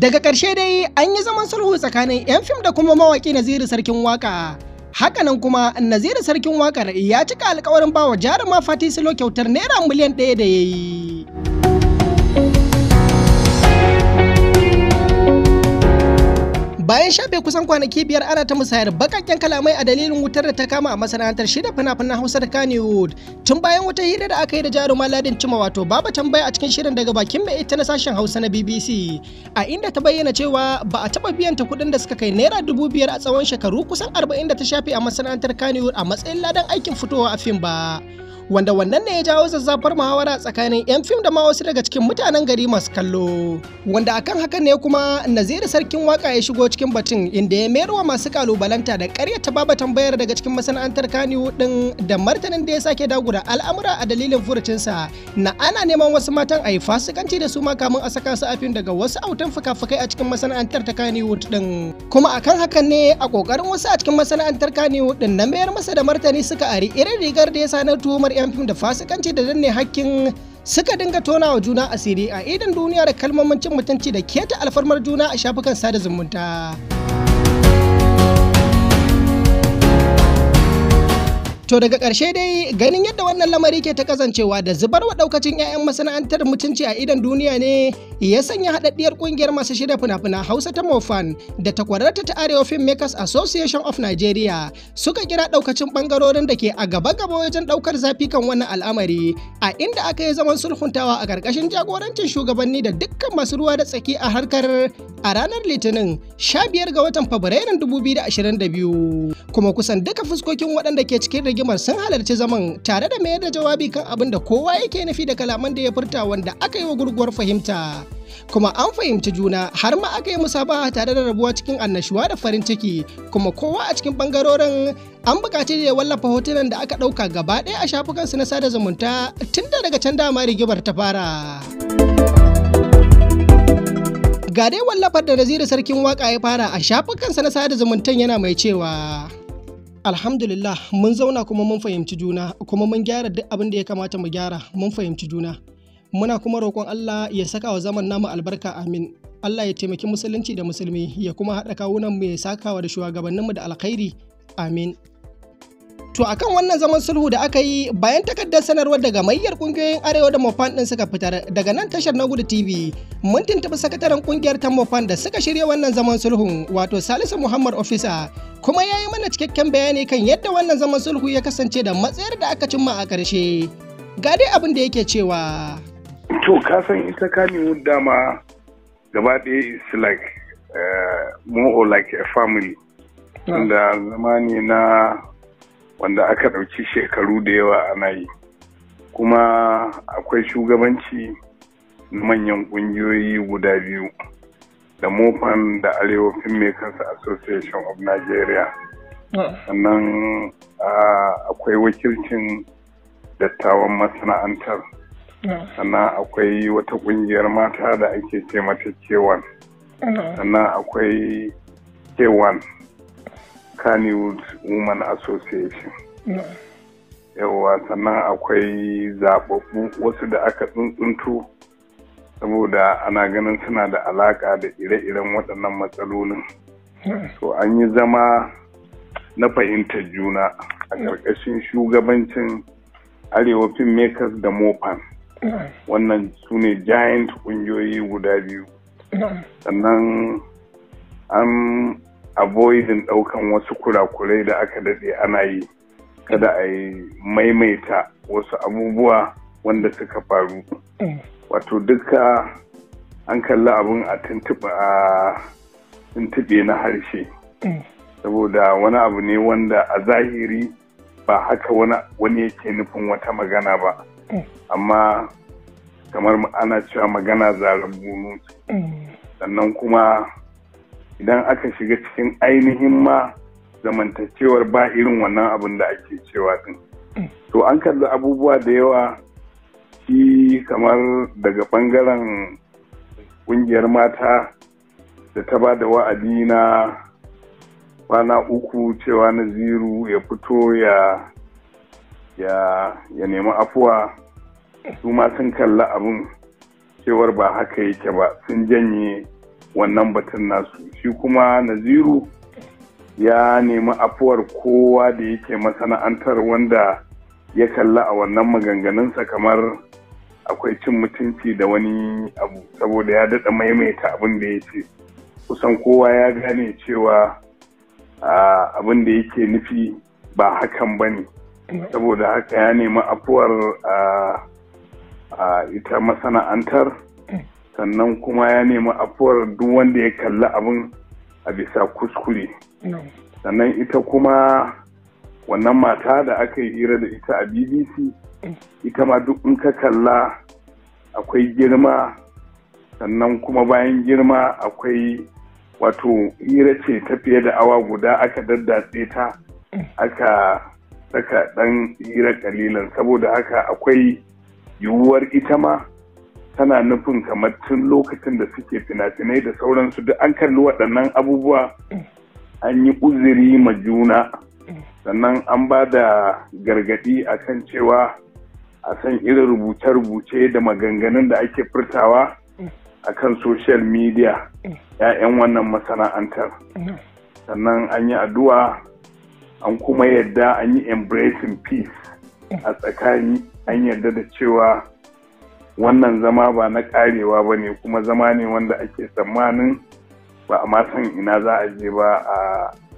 Daga ƙarshe dai an yi zaman sulhu tsakanin 'yan fim da kuma mawaƙi Naziru Sarkin Waka. Hakanan kuma Naziru Sarkin Wakar ya cika alkawarin bawa jarumar Fati Silo kyautar Naira miliyan ɗaya da ya yi. bayan shafe kusan kwanaki biyar ana ta musayar bakakken kalamai a dalilin wutar da ta kama a masana'antar shida fina-finan hausa da kaniwood tun bayan wata hira da aka yi da jaruma ladin cima wato baba tambaya a cikin shirin daga bakin mai ita na sashen hausa na bbc a inda ta bayyana cewa ba a taɓa biyan ta kuɗin da suka kai naira dubu biyar a tsawon shekaru kusan arba'in da ta shafe a masana'antar kaniwood a matsayin ladan aikin fitowa a fim ba wanda wannan ne ya jawo zazzafar muhawara tsakanin 'yan fim da ma wasu daga cikin mutanen gari masu kallo wanda akan hakan ne kuma naziri sarkin waka ya shigo cikin batun inda ya mayar wa masu kalubalanta da ta baba tambayar daga cikin masana'antar kaniwu din da martanin da ya sake dagura al'amura a dalilin furucinsa na ana neman wasu matan a yi fasikanci da su ma kamun a saka su a fim daga wasu autan fuka-fukai a cikin masana'antar ta kaniwu din kuma akan hakan ne a kokarin wasu a cikin masana'antar kaniwu din na mayar masa da martani suka ari irin rigar da ya sanar tuhumar 'yan fim da fasikanci da danne hakkin suka dinga tona wa juna asiri a idan duniya da kalmomin cin mutunci da keta alfarmar juna a shafukan sada zumunta. To daga ƙarshe dai ganin yadda wannan lamari ke ta kasancewa da zubar wa ɗaukacin 'ya'yan masana'antar mutunci a idan duniya ne ya sanya haɗaɗɗiyar ƙungiyar masu shirya fina-finan Hausa ta Mofan da takwararta ta Arewa Filmmakers Association of Nigeria suka kira ɗaukacin ɓangarorin da ke a gaba-gaba wajen ɗaukar zafi kan wannan al'amari a inda aka yi zaman sulhuntawa a ƙarƙashin jagorancin shugabanni da dukkan masu ruwa da tsaki a harkar a ranar Litinin 15 ga watan Fabrairun 2022 kuma kusan duka fuskokin waɗanda ke cikin rigimar sun halarci zaman tare da mayar da jawabi kan abin da kowa yake nufi da kalaman da ya furta wanda aka yi wa gurguwar fahimta. kuma an fahimci juna har ma aka yi musaba tare da rabuwa cikin annashuwa da farin ciki kuma kowa a cikin bangarorin an bukaci da ya wallafa hotunan da aka ɗauka gaba ɗaya a shafukan su na sada zumunta tun da daga can dama rigibar ta fara. Ga dai wallafar da Naziru Sarkin Waka ya fara a shafukan shafukansa na sada zumuntan yana mai cewa. Alhamdulillah mun zauna kuma mun fahimci juna kuma mun gyara duk abin da ya kamata mu gyara mun fahimci juna. muna kuma roƙon Allah ya saka wa zaman namu albarka amin Allah ya taimaki musulunci da musulmi ya kuma haɗa kawunan mu ya sakawa da shugabanninmu da alkhairi amin To akan wannan zaman sulhu da aka yi bayan takardar sanarwar daga mayyar kungiyoyin Arewa da Mofan din suka fitar daga nan tashar na gudu TV mun tuntuɓi sakataren kungiyar ta Mofan da suka shirya wannan zaman sulhun wato Salisu Muhammad Ofisa kuma ya yi mana cikakken bayani kan yadda wannan zaman sulhu ya kasance da matsayar da aka cimma a ƙarshe. Ga dai abin da yake cewa. to kasan ita kanewood dama gaba ɗaya is like uh, more or like a family wanda ah. zama ne na wanda aka ɗauki shekaru da yawa ana yi kuma akwai shugabanci na manyan ƙungiyoyi guda biyu da mofan da arewa filmmakers association of nigeria ah. sannan ah, akwai wakilcin dattawan masana'antar sannan akwai wata kungiyar mata da ake ce mata kewan sannan akwai kewan Kannywood Women Association. Yawwa sannan akwai zaɓaɓɓu wasu da aka tsuntsuntu saboda ana ganin suna da alaƙa da ire-iren waɗannan matsalolin. So an yi zama na fahimtar juna a ƙarƙashin shugabancin Arewa Filmmakers da Mopan. wannan su ne giant kungiyoyi guda biyu sannan an avoidin ɗaukan wasu kurakurai da aka daɗe ana yi kada a yi maimaita wasu abubuwa wanda suka faru wato duka an kalli abin a tuntuɓe na harshe saboda wani abu ne wanda a zahiri ba haka wani yake nufin wata magana ba amma kamar ana cewa magana zaren bunu sannan kuma idan aka shiga cikin ainihin ma zamantacewar ba irin wannan abin da ake cewa din to an kalli abubuwa da yawa shi kamar daga bangaren kungiyar mata da ta ba da wa'adi na kwana uku cewa naziru ya fito ya ya nemi afuwa su ma sun kalla abin cewar ba haka yake ba sun janye wannan batun nasu shi kuma naziru ya nemi afuwar kowa da yake masana'antar wanda ya kalla a wannan maganganunsa kamar akwai cin mutunci da wani abu saboda ya daɗa maimaita abin da ya ce kusan kowa ya gane cewa abin da yake nufi ba hakan ba ne saboda haka ya nemi afuwar a ita masana'antar sannan kuma ya nemi afuwar duk wanda ya kalli abin a bisa kuskure sannan ita kuma wannan mata da aka yi hira da ita a bbc mm. ita ma duk in ka kalla akwai girma sannan kuma bayan girma akwai wato hira ce ta fiye da awa guda aka daddatse ta mm. aka saka dan hira kalilan saboda haka akwai yiwuwar ita ma tana nufin kamar tun lokacin da suke fina-finai da sauransu duk an kalli waɗannan abubuwa an yi uzuri ma juna sannan an ba da gargaɗi a kan cewa a san irin rubuce-rubuce da maganganun da ake furtawa a kan social media ‘ya'yan wannan masana'antar sannan an yi addu'a an kuma yadda an yi embracing peace a tsakani an yarda da cewa wannan zama ba na karewa ba ne kuma zama ne wanda ake tsammanin ba a san ina za a je ba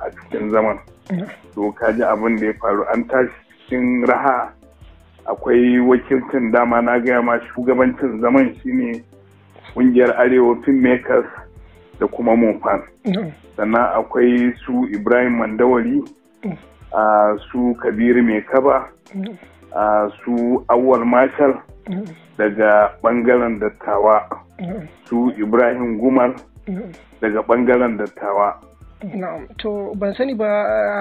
a cikin zaman to ka ji abin da ya faru an tashi cikin raha akwai wakilcin dama na gaya ma shugabancin zaman shine kungiyar arewa filmmakers da kuma mofan sannan akwai su ibrahim mandawari su kabiru mai kaba su awwal marshal daga bangaren dattawa mm-hmm. su ibrahim gumar mm-hmm. daga bangaren dattawa Na'am, to ban sani ba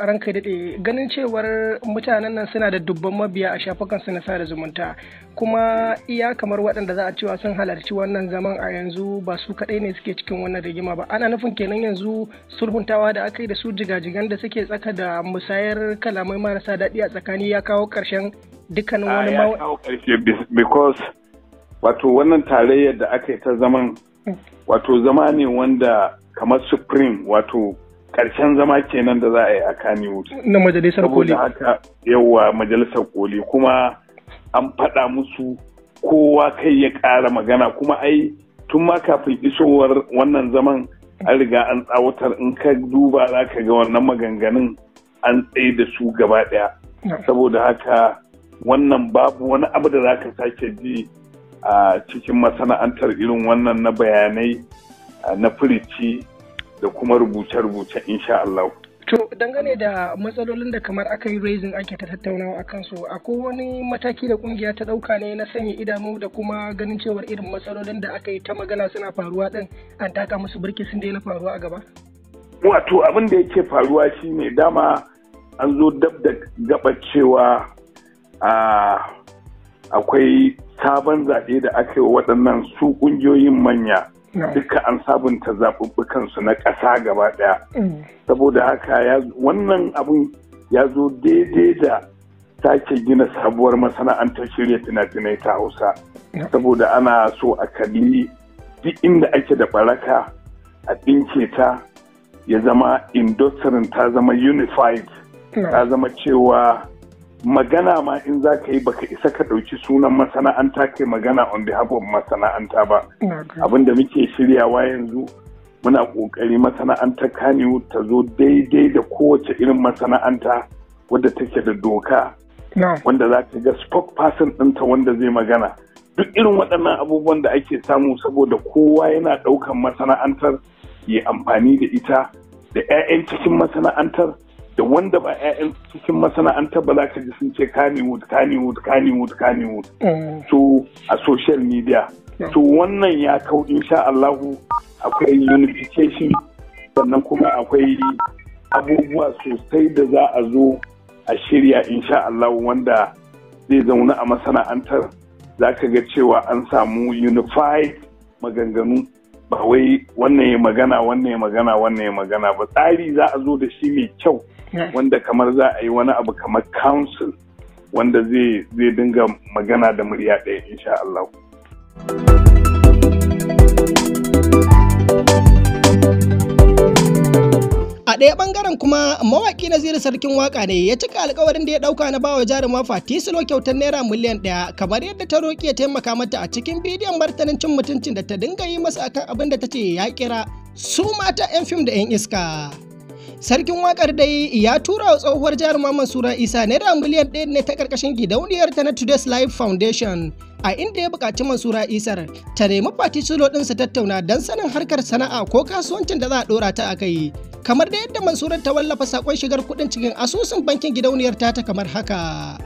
ranka daɗe ganin cewar mutanen nan suna da dubban mabiya a shafukan su na sada zumunta kuma iya kamar waɗanda za a cewa sun halarci wannan zaman a yanzu ba su kaɗai ne suke cikin wannan rigima ba ana nufin kenan yanzu sulhuntawa da aka yi da su jigajigan da suke tsaka da musayar kalamai marasa daɗi a tsakani ya kawo ƙarshen dukkanin wani ah, ma because wato wannan tarayyar da aka yi ta zaman hmm. wato zama ne wanda kamar supreme wato karshen zama kenan da za a yi a wuce Na majalisar koli. Saboda haka yawa majalisar koli kuma an faɗa musu kowa kai ya ƙara magana kuma ai tun ma kafin isowar wannan zaman an riga an tsawatar in ka duba za ka ga wannan maganganun an tsaye da su gaba ɗaya. Saboda haka wannan babu wani abu da za ka sake ji a cikin masana'antar irin wannan na bayanai na firici da kuma rubuce-rubuce insha Allah. To dangane da matsalolin da kamar aka yi raising ake ta tattaunawa a kansu akwai wani mataki da kungiya ta ɗauka ne na sanya idanu da kuma ganin cewar irin matsalolin da aka yi ta magana suna faruwa din an taka musu birki sun daina faruwa a gaba. Wato abin da yake faruwa shi ne, dama an zo dab da gaba cewa akwai sabon zaɓe da aka yi waɗannan su ƙungiyoyin manya duka an sabunta zaɓuɓɓukansu na ƙasa gaba ɗaya mm. saboda haka wannan abin ya zo daidai da take gina sabuwar masana'antar shirya fina-finai ta hausa saboda ana so a kalli duk inda ake da baraka a ɗinke ta ya zama industry ta zama unified ta zama cewa magana ma in za ka yi baka isa ka ɗauki sunan masana'anta kai magana on behalf of masana'anta ba abin da muke shiryawa yanzu muna ƙoƙari masana'antar kaniyu ta zo daidai da kowace irin masana'anta wadda take da doka wanda za ka ga spokesperson ɗinta wanda zai magana duk irin waɗannan abubuwan da ake samu saboda kowa yana ɗaukan masana'antar ya amfani da ita da 'ya'yan cikin masana'antar da wanda ba 'ya'yan cikin masana'anta ba za ka ji sun ce kanewood kanewood kanewood. Kannywood. To mm. a social media. To wannan ya kau insha Allahu akwai unification sannan kuma akwai abubuwa sosai da za a zo a shirya insha Allahu wanda zai zauna a masana'antar za ka ga cewa an samu unified maganganu ba wai wannan ya magana wannan ya magana wannan ya magana ba tsari za a zo da shi mai kyau wanda kamar za a yi wani abu kamar council wanda zai dinga magana da murya ɗaya insha Allah. A ɗaya ɓangaren kuma mawaƙi Naziru Sarkin waƙa ne ya cika alkawarin da ya ɗauka na bawa jaruma Fatisilo kyautar Naira miliyan ɗaya kamar yadda ta roƙi ya taimaka mata a cikin bidiyon martanin cin mutuncin da ta dinga yi masa akan abin da ta ce ya kira su mata 'yan fim da 'yan iska. Sarkin wakar dai ya tura wa tsohuwar jaruma Mansura Isa naira miliyan ɗaya ne ta ƙarƙashin gidauniyar ta na Today's Life Foundation a inda ya buƙaci Mansura Isar ta nemi fati solo ɗin tattauna don sanin harkar sana'a ko kasuwancin da za a ɗora ta a kai. Kamar da yadda Mansura ta wallafa saƙon shigar kuɗin cikin asusun bankin gidauniyar ta ta kamar haka.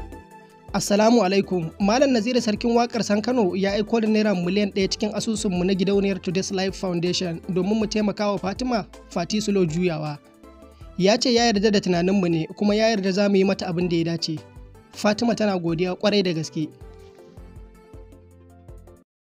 Assalamu alaikum, Malam Naziru Sarkin Wakar San Kano ya aiko da naira miliyan ɗaya cikin asusunmu na gidauniyar Today's Life Foundation domin mu taimaka wa Fatima Fati Sulo juyawa. ya ce ya yarda da tunaninmu ne kuma ya yarda za mu yi mata abin da ya dace fatima tana godiya kwarai da gaske